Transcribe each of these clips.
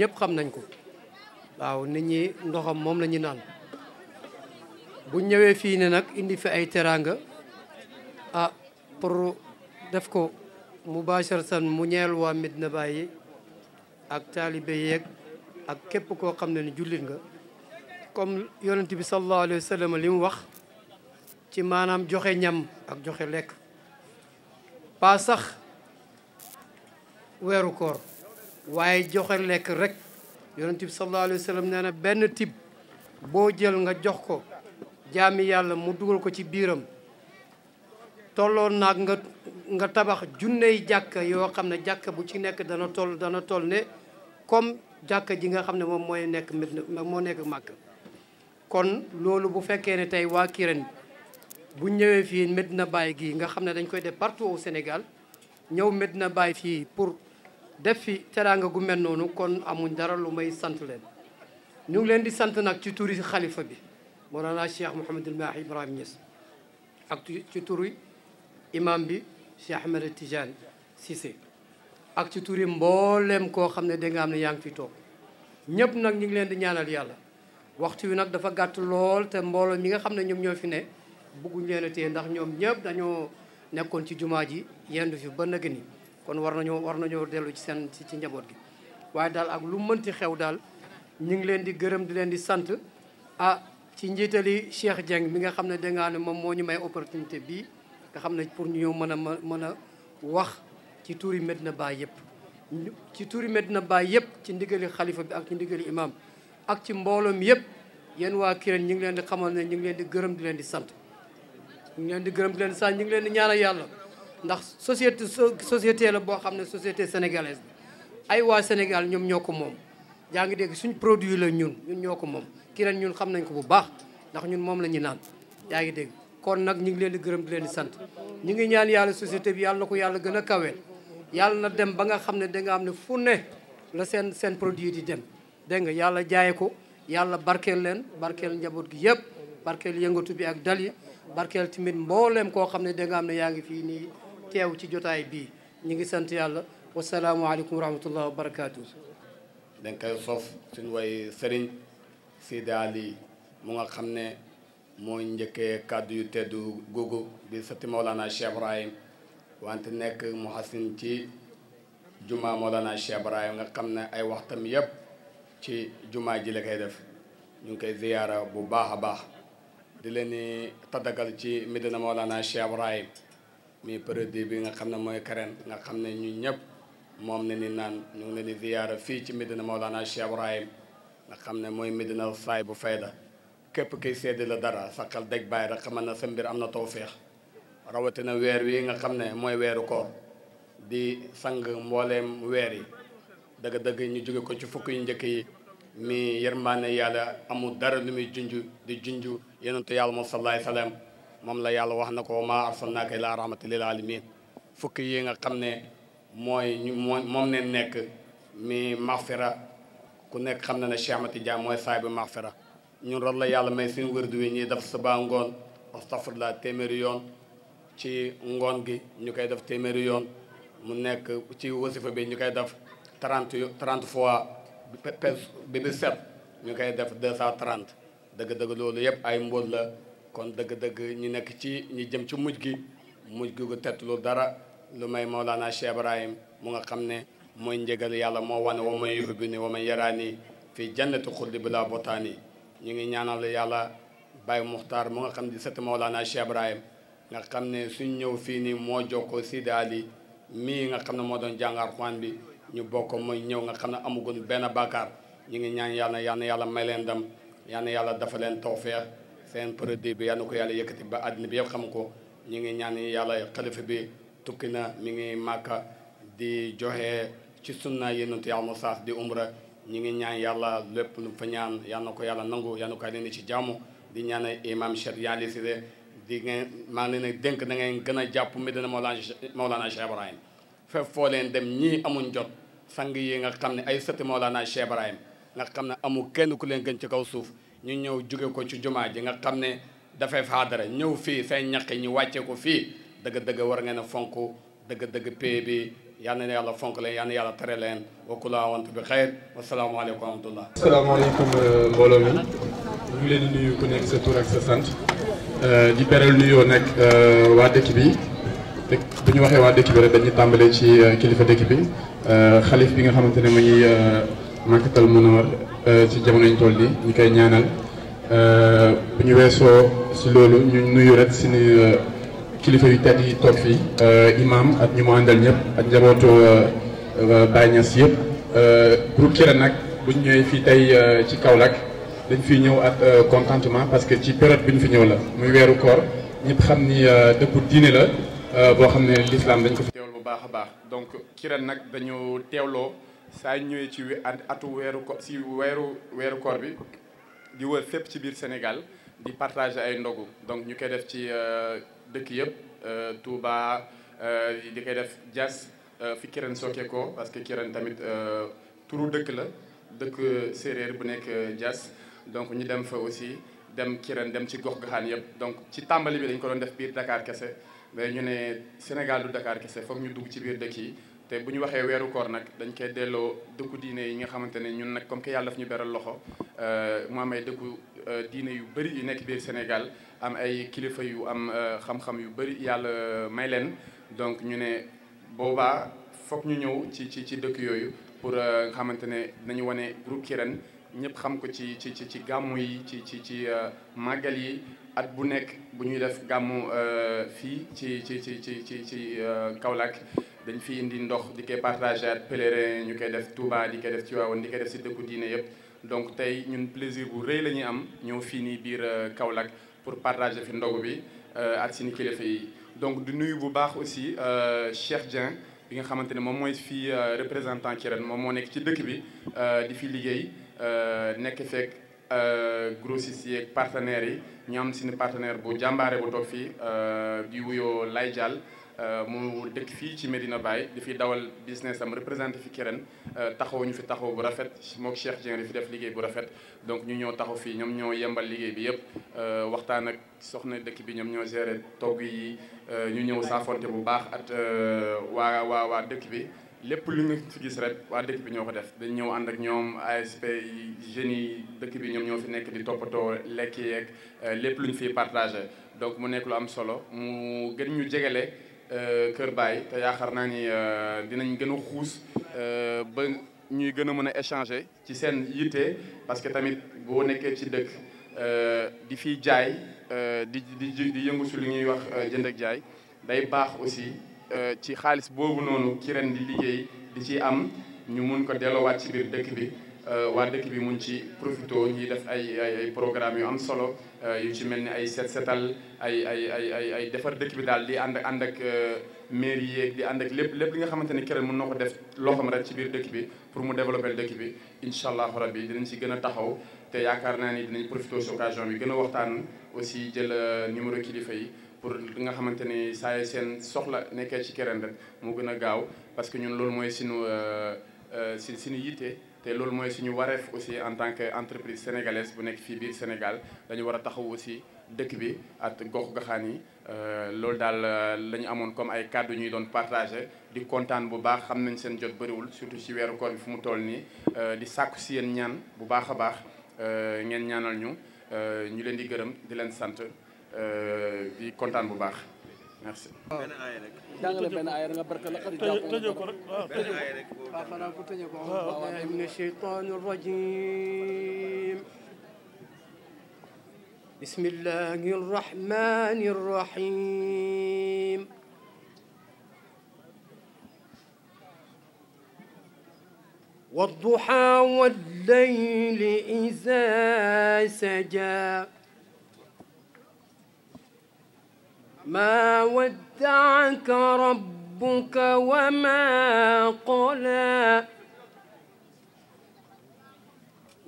ñëpp xam nañ ko waaw nit ñi ndoxam moom la naan bu ñëwee fii ne nag indi fi ay teraanga ah pour def ko san mu ñeel waa Medina bàyyi ak taalibe yeeg ak képp koo xam ne ni jullit nga comme yonent bi sallallahu alayhi wa wax ci maanaam joxe ñam ak joxe lekk paasax weeru koor waaye joxe lekk rek yonent bi sallallahu alayhi wa sallam benn tib boo jël nga jox ko jaami yàlla mu dugal ko ci biiram tolloon nag nga nga tabax junney jàkka yoo xam ne jàkka bu ci nekk dana toll dana toll ne comme jàkka ji nga xam ne moom mooy nekk moo kon loolu bu fekkee ne tey waa Kirène bu ñëwee fii na Baye gii nga xam ne dañ koy def partout au Sénégal ñëw Medina Baye fii pour def fi teraanga gu mel noonu kon amuñ dara lu may sant leen ñu ngi leen di sant nag ci turi xalifa bi Mawlana Cheikh Mouhamadul Mahi Ibrahim Niass ak ci turi imam bi Cheikh Ahmed Tidiane Cissé ak ci turi mbooleem koo xam ne da nga am ne yaa ngi fi toog ñëpp nag ñu ngi leen di ñaanal yàlla waxtu wi nag dafa gàtt lool te mbooloo mi nga xam ne ñoom ñoo fi ne bëgguñ leen a ndax ñoom ñëpp dañoo nekkoon ci jumaa ji yendu fi ba nëgë ni kon war nañoo war nañoo dellu ci seen ci njaboot gi waaye daal ak lu mënti xew daal ñu ngi leen di gërëm di leen di sant ah ci njiitali Cheikh Dieng mi nga xam ne dangaa ne moom moo ñu may opportunité bii xam ne pour ñu mën a mën a wax ci tuuri Medina Baye yëpp ci tuuri Medina Baye yëpp ci ndigali xalifa bi ak ci ndigali imam ak ci mbooloom yëpp yéen waa Kirène ñu ngi leen di xamal ñu ngi leen di gërëm di leen di sant ñu leen di gërëm di leen di sant ngi leen di ñaanal yàlla ndax société société la boo xam ne societé sénégalaise ay waa Sénégal ñoom ñoo ko moom yaa ngi dégg suñ produit la ñun ñun ñoo ko moom ki ren ñun xam nañ ko bu baax ndax ñun moom la ñu naan yaa ngi dégg kon nag ñu ngi leen di gërëm di leen di sant ñu ngi ñaan yàlla société bi yàlla na ko yàlla gën a kaweel yàlla na dem ba nga xam ne danga am ne fu ne la seen seen produit di dem dégg nga yàlla jaaye ko yàlla barkeel leen barkeel njaboot gi yëpp barkeel yëngatu bi ak dal yi barkeel tamit mbooleem koo xam ne da am ne yaa ngi fii nii teew ci jotaay bii ñu ngi sant yàlla wasalaamualeykum wa rahmatullah wa barakaatu. dañ koy sof suñu way sëriñ Sidi Ali mu nga xam ne moo njëkkee kàddu yu tedd googu di sëtti Mawlana Cheikh Ibrahim wante nekk muhasin ci jumaa Mawlana Cheikh Ibrahim nga xam ne ay waxtam yépp ci jumaa ji la koy def ñu ngi koy ziyaara bu baax a baax di leen tàggatal ci Medina Mawlana Cheikh Ibrahim mi produit bi nga xam ne mooy karen nga xam ne ñu ñëpp moom ne ni naan ñu ngi leen di ziyaara fii ci Medina Maulana Cheikh Ibrahim nga xam ne mooy Medina saay bu fayda képp kiy seede la dara sa xel daj bàyyi rek xamal na sa mbir am na tawféex rawatina weer wi nga xam ne mooy weeru ko di sang mbooleem weer yi dëgg-dëgg ñu jóge ko ci fukk yu njëkk yi mi yërmaane yàlla amul dara lu muy junj di junju yonentu yàlla moom sallallahu alayhi wa sallam moom la yàlla wax na ko maa arsalnaaka ilaa rahmatan lil aalamiin fukki yi nga xam ne mooy ñu moom ne nekk mi maxfira ku nekk xam na ne Cheikh Ahmed Tidiane mooy saay bi maxfira ñun loolu la yàlla may suñu wërdu wi ñuy def suba ngoon astafurlah téeméeri yoon ci ngoon gi ñu koy def téeméeri yoon mu nekk ci wasifa bi ñu koy def trente trente fois bi bi set ñu koy def deux a trente dëgg-dëgg loolu yëpp ay mbóot la kon dëgg-dëgg ñi nekk ci ñi jëm ci mujj gi mujj gi gu tett lu dara lu may Mawlana Cheikh Ibrahim mu nga xam ne mooy njëgal yàlla moo wane wa may yuhibbu ni wa may yaraani fii jannati xuldi bila botaani ñu ngi ñaanal yàlla Baye Muxtaar mu nga xam di sët Mawlana Cheikh Ibrahim nga xam ne suñ ñëw fii nii moo jokkoo Sidi Ali mii nga xam ne moo doon jàng Alxuraan bi ñu bokk mooy ñëw nga xam ne amagun benn bàkkaar ñu ngi ñaan yàlla yàlla yàlla may leen dem yàlla yàlla dafa leen tawfeex seen produit bi yàlla na ko yàlla yëkkati ba àddina bi yëpp xam ko ñu ngi ñaan yàlla xalifa bi tukki na mi ngi màkka di joxe ci sunna yénentu yàlla mo saas di umra ñu ngi ñaan yàlla lépp lu fa ñaan yàlla na ko yàlla nangu yàlla na ko leen ci jàmm di ñaan imam Cheikh Yali Cissé di ngeen maa ngi leen dénk na ngeen gën a jàpp Medina Mawlana Mawlana Cheikh Ibrahim fépp foo leen dem ñii amuñ jot sang yi nga xam ne ay sëti Mawlana Cheikh Ibrahim nga xam ne amul kenn ku leen gën ci kaw suuf ñu ñëw jóge ko ci jumaa ji nga xam ne dafay faadara ñëw fii say ñaqi ñu wàccee ko fii dëgg-dëgg war ngeen a fonk dëgg-dëgg pay bi yal na yàlla fonk leen yal yàlla tere leen wakulaa want bi xeyr wasalaamaaleykum wa rahmatullah asalaamaaleykum euh, mbooloo mi ñu ngi leen di nuyu ku nekk sa tur ak sa sant euh, di beral nuyoo nekk euh, waa dëkk bi bu ñu waxee waa dëkk bi rek dañuy tàmbalee ci kilifa dëkk bi xalif bi nga xamante ne mu ngi Makkatal Munawwar euh, ci jamono ñu toll di ñu koy ñaanal euh, bu ñu weesoo si loolu ñu nuyu rek si euh, kilifa yu tedd yi toog fii imam ak ñu mu àndal ñëpp ak njabootu Baye Niass yëpp groupe Kira nag bu ñu ñëwee fii tey ci Kaolack dañ fiy ñëw ak contentement parce que ci période bi ñu fi ñëw la muy weeru koor ñëpp xam ni dëkku diine la boo xam ne l'islam dañ ko fi teewal bu baax a baax donc Kira nag dañu teewloo saa ñëwee ci atu weeru ko weeru weeru koor bi di wër fépp ci biir Sénégal di partager ay ndogu donc ñu koy def ci euh, dëkk yëpp euh, Touba euh, di koy def jas fi Kirène sokke ko parce que Kirène tamit turu dëkk la dëkk séréer bu nekk Diass donc ñu dem fa aussi dem Kirène dem ci gox gaxaan yëpp donc ci tàmbali bi dañ ko doon def biir dakaar kese mais ñu ne Sénégal du Dakar kese foog ñu dugg ci biir dëkk yi te bu ñu waxee weeru koor nag dañ koy delloo dëkku diine yi nga xamante ne ñun nag comme que yàlla daf ñu beral loxo mu am ay dëkku diine yu bëri yu nekk biir Sénégal am ay kilifa yu am xam-xam yu bëri yàlla may leen donc ñu ne boobaa foog ñu ñëw ci ci ci dëkk yooyu pour nga xamante ne nañu wane groupe Kirène ñëpp xam ko ci ci ci ci gàmmu yi ci ci ci màggal yi at bu nekk bu ñuy def gàmmu fii ci ci ci ci ci ci Kaolack dañ fi indi ndox di koy partagé ak pèlerin ñu koy def Touba di koy def Tivaouane di koy def si dëkku diine yëpp donc tey ñun plaisir bu rëy la ñuy am ñëw fii nii biir euh, Kaolack pour partager fi ndogu bi euh, ak suñu kilifa yi donc di nuyu bu baax aussi euh, Cheikh Dieng bi nga xamante ne moom mooy fii représentant ci ren moom moo nekk ci dëkk bi di fi liggéey nekk fekk grossiste yi ak partenaires yi ñu am suñu partenaire bu jàmbaare bu toog fii di wuyoo Lay Dial Euh, mu dëkk fii ci Medina Baye di fi dawal business am représenté fi Kirène euh, taxaw ñu fi taxaw bu rafet mook Cheikh Dieng di fi def liggéey bu rafet donc ñu ñëw taxaw fii ñoom ñoo yembal liggéey bi yëpp euh, waxtaan ak soxna dëkk bi ñoom ñoo géré togg yi ñu ñëw saafonte bu baax at waa waa waa dëkk bi lépp lu ñu fi gis rek waa dëkk bi ñoo ko def dañ ñëw ànd ak ñoom ASP jeunes yi dëkk bi ñoom ñoo fi nekk di toppatoo lekk yeeg lépp lu ñu fiy partagé donc mu nekk lu am solo mu gën ñu jegele Euh, Kër Baye te yaakaar naa ni euh, dinañ gën a xuus euh, ba ñuy gën a mën a échanger ci seen yitte parce que tamit boo nekkee ci dëkk di fiy jaay di di di yëngu si li ñuy wax jënd ak jaay day baax aussi ci xaalis boobu noonu ki di liggéey di ci am ñu mun ko delloowaat ci biir dëkk bi. Euh, waa dëkk bi mun ci profité ñuy def ay ay ay programme yu am solo euh, yu ci mel ni ay set setal ay ay ay ay ay defar dëkk bi daal di ànd ak ànd ak euh, mairie yeeg di ànd ak lépp lépp li nga xamante ni keneen mën na ko def loxoom rek ci biir dëkk bi pour mu développer dëkk bi incha allahu rabbi dinañ si gën a taxaw te yaakaar naa ni dinañ profité si occasion bi gën a waxtaan aussi jël numéro kilifa yi pour li nga xamante ni saa seen soxla nekkee ci keneen rek moo gën a gaaw parce que ñun loolu mooy sunu si sunu yitte. te loolu mooy suñu wareef aussi en tant que entreprise sénégalaise bu nekk fii biir Sénégal dañu war a taxaw aussi dëkk bi ak gox goxaan yi euh, loolu daal euh, la ñu amoon comme ay kàddu ñuy doon partagé di kontaan bu baax xam nañ seen jot bariwul surtout ci weeru koor bi fu mu toll nii euh, di sàkku si yéen ñaan bu baax a baax ngeen ñaanal ñu ñu leen di gërëm di leen sant di kontaan bu baax. merci. benn aaya rek. jàngale benn aaya rek nga barkeel ak xarit jàpp tëjee ko rek waaw tëjee ko waaw xanaa bu tëjee ko. waaw waaw mina shaytaani rajim. bismillahi rahmani rahim. والضحى والليل إذا سجى ما ودعك ربك وما قلى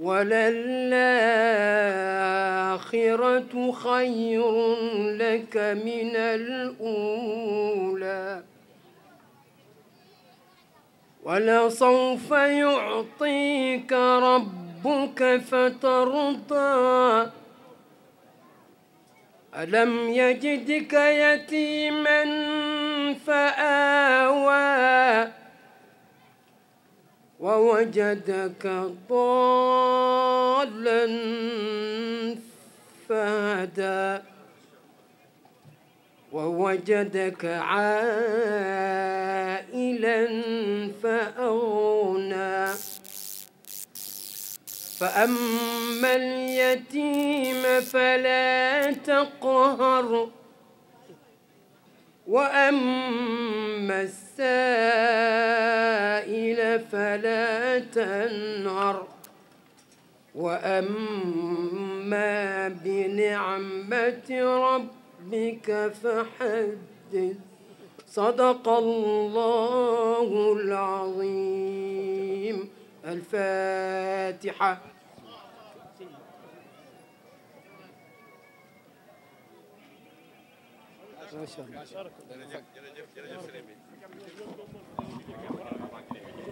وللآخرة خير لك من الأولى ولسوف يعطيك ربك فترضى ألم يجدك يتيما فآوى ووجدك ضالا فهدى ووجدك عائلا فأغنى فأما اليتيم فلا تقهر وأما السائل فلا تنهر وأما بنعمة ربك فحدث صدق الله العظيم الفاتحة ما شاء الله